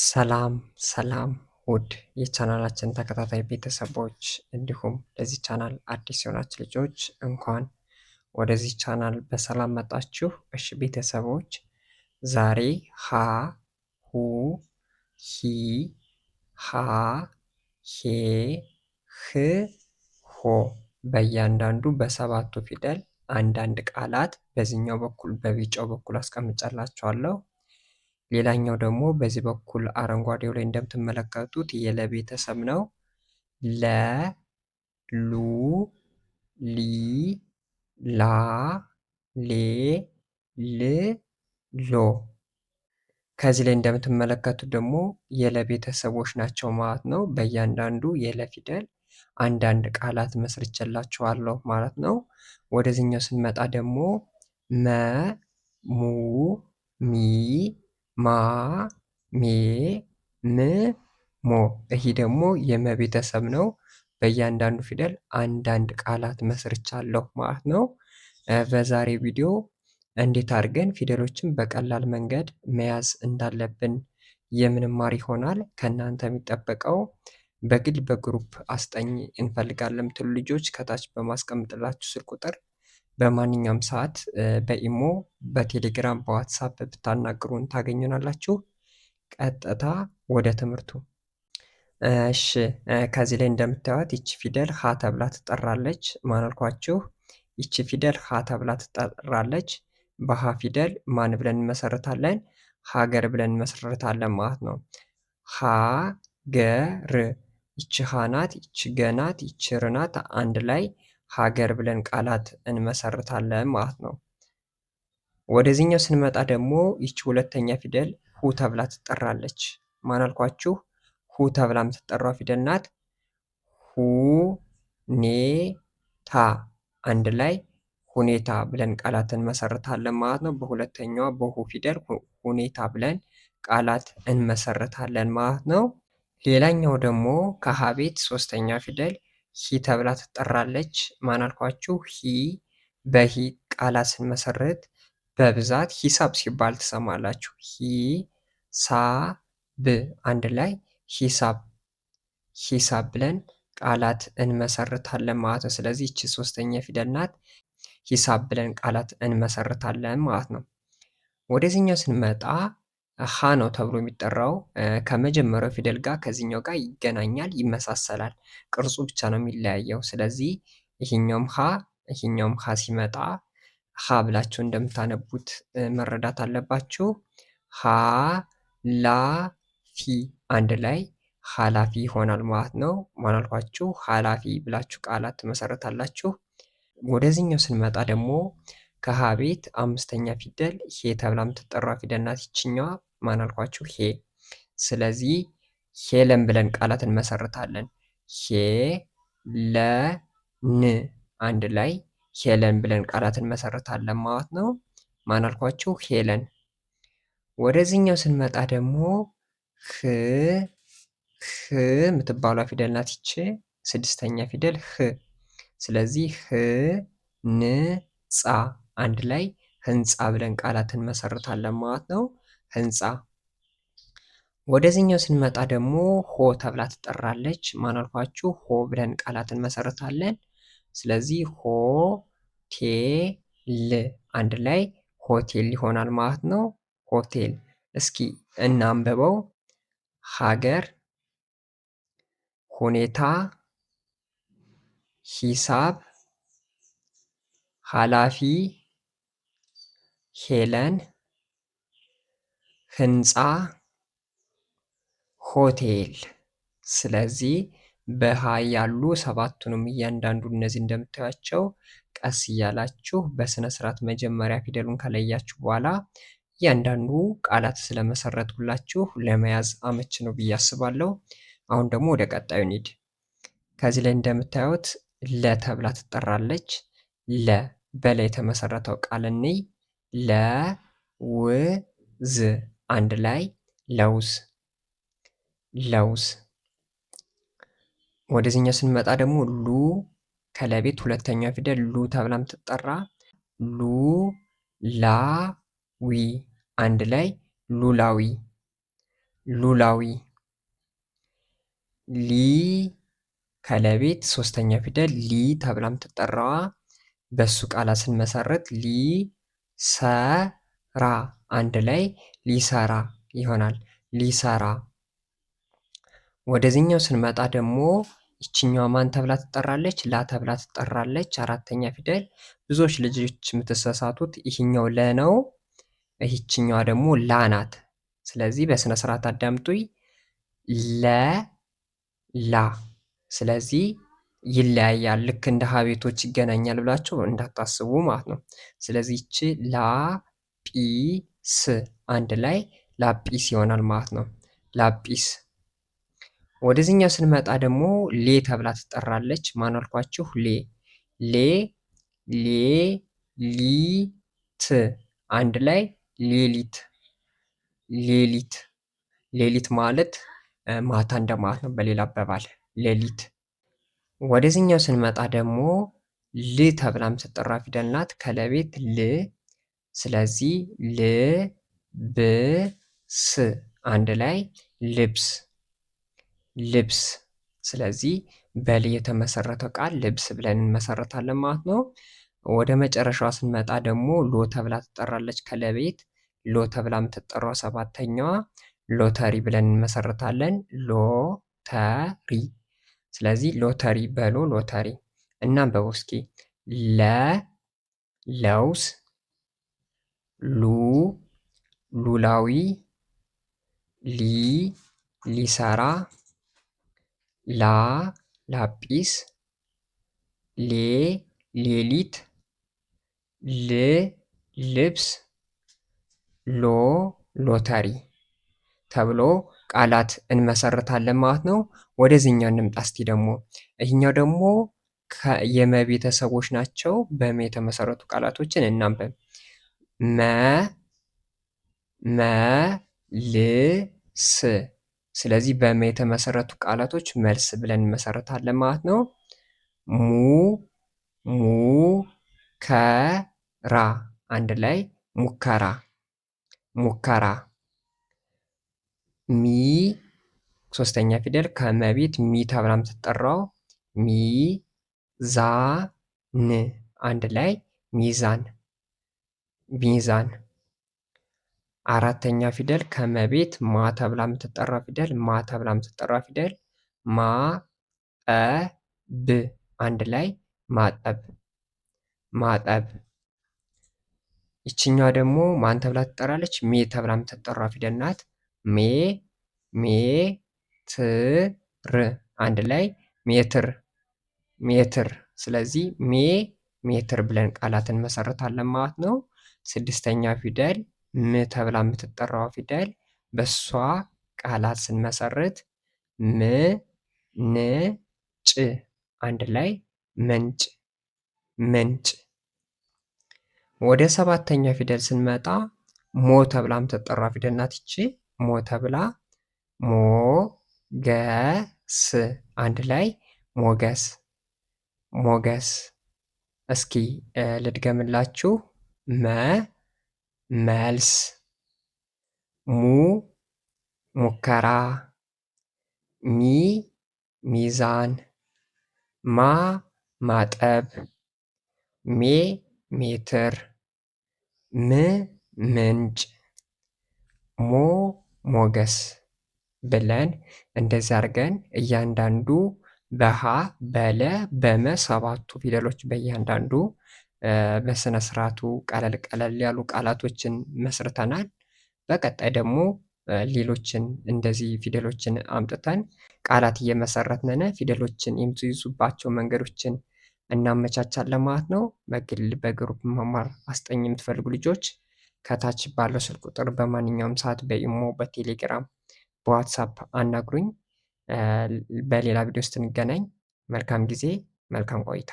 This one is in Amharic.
ሰላም ሰላም ውድ የቻናላችን ተከታታይ ቤተሰቦች እንዲሁም ለዚህ ቻናል አዲስ የሆናችሁ ልጆች እንኳን ወደዚህ ቻናል በሰላም መጣችሁ። እሺ ቤተሰቦች ዛሬ ሀ ሁ ሂ ሃ ሄ ህ ሆ በእያንዳንዱ በሰባቱ ፊደል አንዳንድ ቃላት በዚህኛው በኩል በቢጫው በኩል አስቀምጫላችኋለሁ። ሌላኛው ደግሞ በዚህ በኩል አረንጓዴው ላይ እንደምትመለከቱት የለ ቤተሰብ ነው። ለ ሉ ሊ ላ ሌ ል ሎ ከዚህ ላይ እንደምትመለከቱት ደግሞ የለ ቤተሰቦች ናቸው ማለት ነው። በእያንዳንዱ የለ ፊደል አንዳንድ ቃላት መስርቼላችኋለሁ ማለት ነው። ወደዚህኛው ስንመጣ ደግሞ መ ሙ ሚ ማ ሜ ም ሞ ይሄ ደግሞ የመቤተሰብ ነው። በእያንዳንዱ ፊደል አንዳንድ ቃላት መስርቻለሁ ማለት ነው። በዛሬ ቪዲዮ እንዴት አድርገን ፊደሎችን በቀላል መንገድ መያዝ እንዳለብን የምንማር ይሆናል። ከእናንተ የሚጠበቀው በግል በግሩፕ አስጠኝ እንፈልጋለን የምትሉ ልጆች ከታች በማስቀመጥላችሁ ስልክ ቁጥር በማንኛውም ሰዓት በኢሞ በቴሌግራም በዋትሳፕ ብታናግሩን ታገኙናላችሁ። ቀጥታ ወደ ትምህርቱ። እሺ ከዚህ ላይ እንደምታዩት ይቺ ፊደል ሀ ተብላ ትጠራለች። ማናልኳችሁ ይቺ ፊደል ሀ ተብላ ትጠራለች። በሀ ፊደል ማን ብለን እንመሰርታለን? ሀገር ብለን እንመሰርታለን ማለት ነው። ሀ ገር ይቺ ሀ ናት፣ ይቺ ገ ናት፣ ይቺ ር ናት አንድ ላይ ሀገር ብለን ቃላት እንመሰርታለን ማለት ነው። ወደዚህኛው ስንመጣ ደግሞ ይቺ ሁለተኛ ፊደል ሁ ተብላ ትጠራለች። ማን አልኳችሁ? ሁ ተብላ የምትጠራው ፊደል ናት። ሁ ኔ ታ አንድ ላይ ሁኔታ ብለን ቃላት እንመሰርታለን ማለት ነው። በሁለተኛዋ በሁ ፊደል ሁኔታ ብለን ቃላት እንመሰርታለን ማለት ነው። ሌላኛው ደግሞ ከሀ ቤት ሶስተኛ ፊደል ሂ ተብላ ትጠራለች። ማን አልኳችሁ? ሂ። በሂ ቃላት ስንመሰርት በብዛት ሂሳብ ሲባል ትሰማላችሁ። ሂ ሳ ብ አንድ ላይ ሂሳብ ሂሳብ ብለን ቃላት እንመሰርታለን ማለት ነው። ስለዚህ ይቺ ሶስተኛ ፊደል ናት። ሂሳብ ብለን ቃላት እንመሰርታለን ማለት ነው። ወደዚህኛው ስንመጣ ሀ ነው ተብሎ የሚጠራው ከመጀመሪያው ፊደል ጋር ከዚህኛው ጋር ይገናኛል፣ ይመሳሰላል። ቅርጹ ብቻ ነው የሚለያየው። ስለዚህ ይሄኛውም ሀ ይሄኛውም ሀ ሲመጣ ሀ ብላችሁ እንደምታነቡት መረዳት አለባችሁ። ሀ ላ ፊ አንድ ላይ ሀላፊ ይሆናል ማለት ነው። ማናልኳችሁ ሀላፊ ብላችሁ ቃላት ትመሰረታላችሁ። ወደዚህኛው ስንመጣ ደግሞ ከሀ ቤት አምስተኛ ፊደል ሄ ተብላ የምትጠራ ፊደል ናት ይችኛዋ። ማን አልኳችሁ? ሄ። ስለዚህ ሄለን ብለን ቃላት እንመሰርታለን። ሄ ለ ን አንድ ላይ ሄለን ብለን ቃላት እንመሰርታለን ማለት ነው። ማን አልኳችሁ? ሄለን። ወደዚህኛው ስንመጣ ደግሞ ህ ህ የምትባሏ ፊደል ናት ይቺ ስድስተኛ ፊደል ህ። ስለዚህ ህ ን ጻ አንድ ላይ ህንጻ ብለን ቃላትን መሰርታለን ማለት ነው። ህንፃ። ወደዚህኛው ስንመጣ ደግሞ ሆ ተብላ ትጠራለች። ማን ሆ ብለን ቃላትን መሰረታለን። ስለዚህ ሆ ቴ ል አንድ ላይ ሆቴል ይሆናል ማለት ነው። ሆቴል። እስኪ እናንብበው። ሀገር፣ ሁኔታ፣ ሂሳብ፣ ኃላፊ፣ ሄለን ህንፃ ሆቴል ስለዚህ በሀ ያሉ ሰባቱንም እያንዳንዱ እነዚህ እንደምታያቸው ቀስ እያላችሁ በስነ ስርዓት መጀመሪያ ፊደሉን ከለያችሁ በኋላ እያንዳንዱ ቃላት ስለመሰረትኩላችሁ ለመያዝ አመች ነው ብዬ አስባለሁ። አሁን ደግሞ ወደ ቀጣዩ ኒድ ከዚህ ላይ እንደምታዩት ለ ተብላ ትጠራለች። ለ በላይ የተመሰረተው ቃል እንይ ለውዝ አንድ ላይ ለውዝ ለውዝ። ወደዚህኛው ስንመጣ ደግሞ ሉ ከለቤት ሁለተኛው ፊደል ሉ ተብላ የምትጠራ ሉ ላዊ አንድ ላይ ሉላዊ ሉላዊ። ሊ ከለቤት ሶስተኛ ፊደል ሊ ተብላም ትጠራዋ በሱ ቃላ ስንመሰረት ሊ ሰራ አንድ ላይ ሊሰራ ይሆናል። ሊሰራ ወደዚህኛው ስንመጣ ደግሞ ይችኛዋ ማን ተብላ ትጠራለች? ላ ተብላ ትጠራለች። አራተኛ ፊደል። ብዙዎች ልጆች የምትሳሳቱት ይህኛው ለ ነው፣ ይህችኛዋ ደግሞ ላ ናት። ስለዚህ በስነ ስርዓት አዳምጡኝ። ለ ላ። ስለዚህ ይለያያል። ልክ እንደ ሀቤቶች ይገናኛል ብላችሁ እንዳታስቡ ማለት ነው። ስለዚህ ይቺ ላ ላጲስ አንድ ላይ ላጲስ ይሆናል ማለት ነው። ላጲስ። ወደዚህኛው ስንመጣ ደግሞ ሌ ተብላ ትጠራለች። ማን አልኳችሁ? ሌ ሌ ሌ ሊት አንድ ላይ ሌሊት ሌሊት ሌሊት ማለት ማታ እንደማለት ነው። በሌላ አባባል ሌሊት። ወደዚህኛው ስንመጣ ደግሞ ል ተብላ የምትጠራ ፊደል ናት። ከለቤት ል ስለዚህ ልብስ አንድ ላይ ልብስ ልብስ። ስለዚህ በል የተመሰረተው ቃል ልብስ ብለን እንመሰረታለን ማለት ነው። ወደ መጨረሻዋ ስንመጣ ደግሞ ሎ ተብላ ትጠራለች። ከለቤት ሎ ተብላ የምትጠራው ሰባተኛዋ ሎተሪ ብለን እንመሰረታለን። ሎተሪ ስለዚህ ሎተሪ በሎ ሎተሪ። እናም በውስኪ ለ ለውስ ሉ ሉላዊ ሊ ሊሰራ ላ ላጲስ ሌ ሌሊት ል ልብስ ሎ ሎተሪ ተብሎ ቃላት እንመሰርታለን ማለት ነው። ወደዚህኛው እንምጣ እስቲ ደግሞ ይህኛው ደግሞ የመ ቤተሰቦች ናቸው። በመ የተመሰረቱ ቃላቶችን እናንብብ። መ፣መ፣ልስ ስለዚህ በመ የተመሰረቱ ቃላቶች መልስ ብለን እንመሰርታለን ማለት ነው። ሙ ሙከራ አንድ ላይ ሙከራ ሙከራ ሚ ሶስተኛ ፊደል ከመቤት ሚ ተብላ የምትጠራው ሚዛን አንድ ላይ ሚዛን ሚዛን። አራተኛ ፊደል ከመቤት ማ ተብላ የምትጠራ ፊደል ማ ተብላ የምትጠራ ፊደል ማ ጠ ብ አንድ ላይ ማጠብ ማጠብ። ይችኛዋ ደግሞ ማን ተብላ ትጠራለች? ሜ ተብላ የምትጠራ ፊደል ናት። ሜ ሜ ት ር አንድ ላይ ሜትር ሜትር። ስለዚህ ሜ ሜትር ብለን ቃላትን መሰረታለን ማለት ነው። ስድስተኛ ፊደል ም ተብላ የምትጠራው ፊደል በሷ ቃላት ስንመሰርት ም ን ጭ አንድ ላይ ምንጭ ምንጭ። ወደ ሰባተኛ ፊደል ስንመጣ ሞ ተብላ የምትጠራ ፊደል ናት። ይቺ ሞ ተብላ ሞ ገ ስ አንድ ላይ ሞገስ ሞገስ። እስኪ ልድገምላችሁ። መ መልስ ሙ ሙከራ ሚ ሚዛን ማ ማጠብ ሜ ሜትር ም ምንጭ ሞ ሞገስ ብለን እንደዚህ አድርገን እያንዳንዱ በሀ በለ በመ ሰባቱ ፊደሎች በእያንዳንዱ በስነ ስርዓቱ ቀለል ቀለል ያሉ ቃላቶችን መስርተናል። በቀጣይ ደግሞ ሌሎችን እንደዚህ ፊደሎችን አምጥተን ቃላት እየመሰረትነን ፊደሎችን የምትይዙባቸው መንገዶችን እናመቻቻለን ማለት ነው። በግል በግሩፕ መማር አስጠኝ የምትፈልጉ ልጆች ከታች ባለው ስልክ ቁጥር በማንኛውም ሰዓት በኢሞ፣ በቴሌግራም፣ በዋትሳፕ አናግሩኝ። በሌላ ቪዲዮ ስትንገናኝ መልካም ጊዜ፣ መልካም ቆይታ